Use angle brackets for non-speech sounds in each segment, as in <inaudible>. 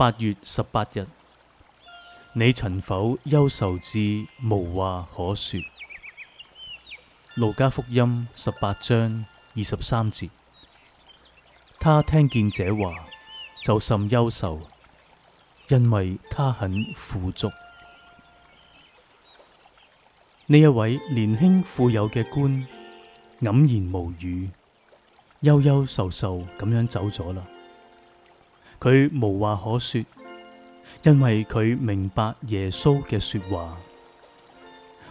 八月十八日，你曾否憂愁至無話可說？路加福音十八章二十三節，他聽見這話就甚憂愁，因為他很富足。呢一位年輕富有嘅官黯然無語，憂憂愁愁咁樣走咗啦。佢無話可說，因為佢明白耶穌嘅說話，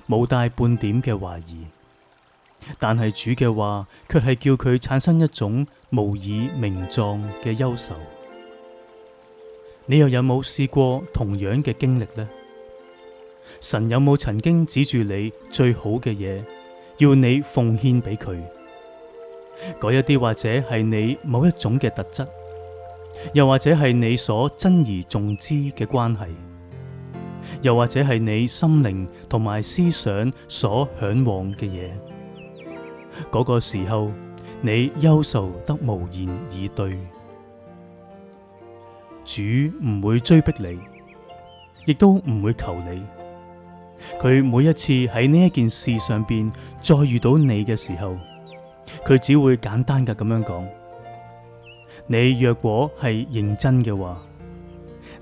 冇帶半點嘅懷疑。但係主嘅話，卻係叫佢產生一種無以名狀嘅憂愁。你又有冇試過同樣嘅經歷呢？神有冇曾經指住你最好嘅嘢，要你奉獻俾佢？嗰一啲或者係你某一種嘅特質？又或者係你所珍而重之嘅關係，又或者係你心靈同埋思想所向往嘅嘢，嗰個時候你憂愁得無言以對。主唔會追逼你，亦都唔會求你。佢每一次喺呢一件事上邊再遇到你嘅時候，佢只會簡單嘅咁樣講。你若果係認真嘅話，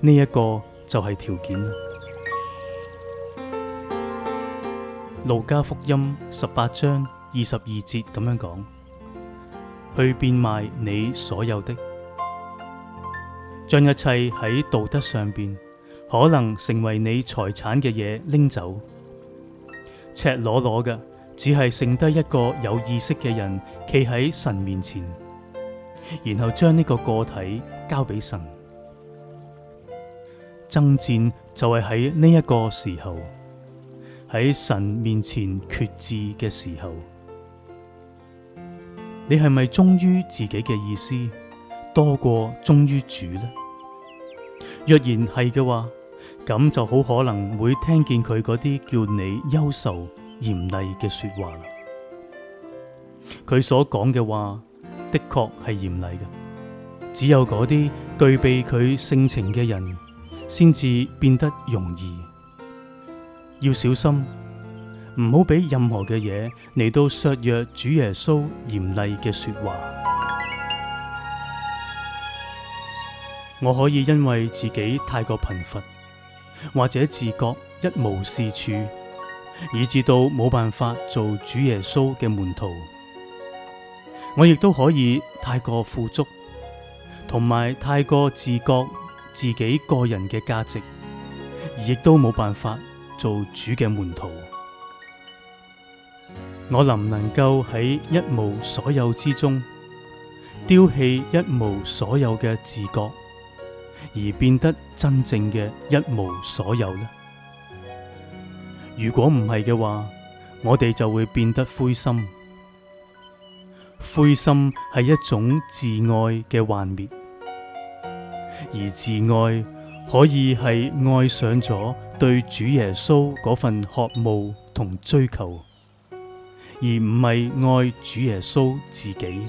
呢、這、一個就係條件啦。路加福音十八章二十二節咁樣講：去變賣你所有的，將一切喺道德上邊可能成為你財產嘅嘢拎走，赤裸裸嘅，只係剩低一個有意識嘅人，企喺神面前。然後將呢個個體交俾神，爭戰就係喺呢一個時候，喺神面前決志嘅時候，你係咪忠於自己嘅意思多過忠於主呢？若然係嘅話，咁就好可能會聽見佢嗰啲叫你優秀嚴厲嘅說話，佢所講嘅話。的確係嚴厲嘅，只有嗰啲具備佢性情嘅人，先至變得容易。要小心，唔好俾任何嘅嘢嚟到削弱主耶穌嚴厲嘅說話。 <noise> 我可以因為自己太過貧乏，或者自覺一無是處，以至到冇辦法做主耶穌嘅門徒。我亦都可以太過富足，同埋太過自覺自己個人嘅價值，而亦都冇辦法做主嘅門徒。我能唔能夠喺一無所有之中，丟棄一無所有嘅自覺，而變得真正嘅一無所有呢？如果唔係嘅話，我哋就會變得灰心。灰心係一種自愛嘅幻滅，而自愛可以係愛上咗對主耶穌嗰份渴慕同追求，而唔係愛主耶穌自己。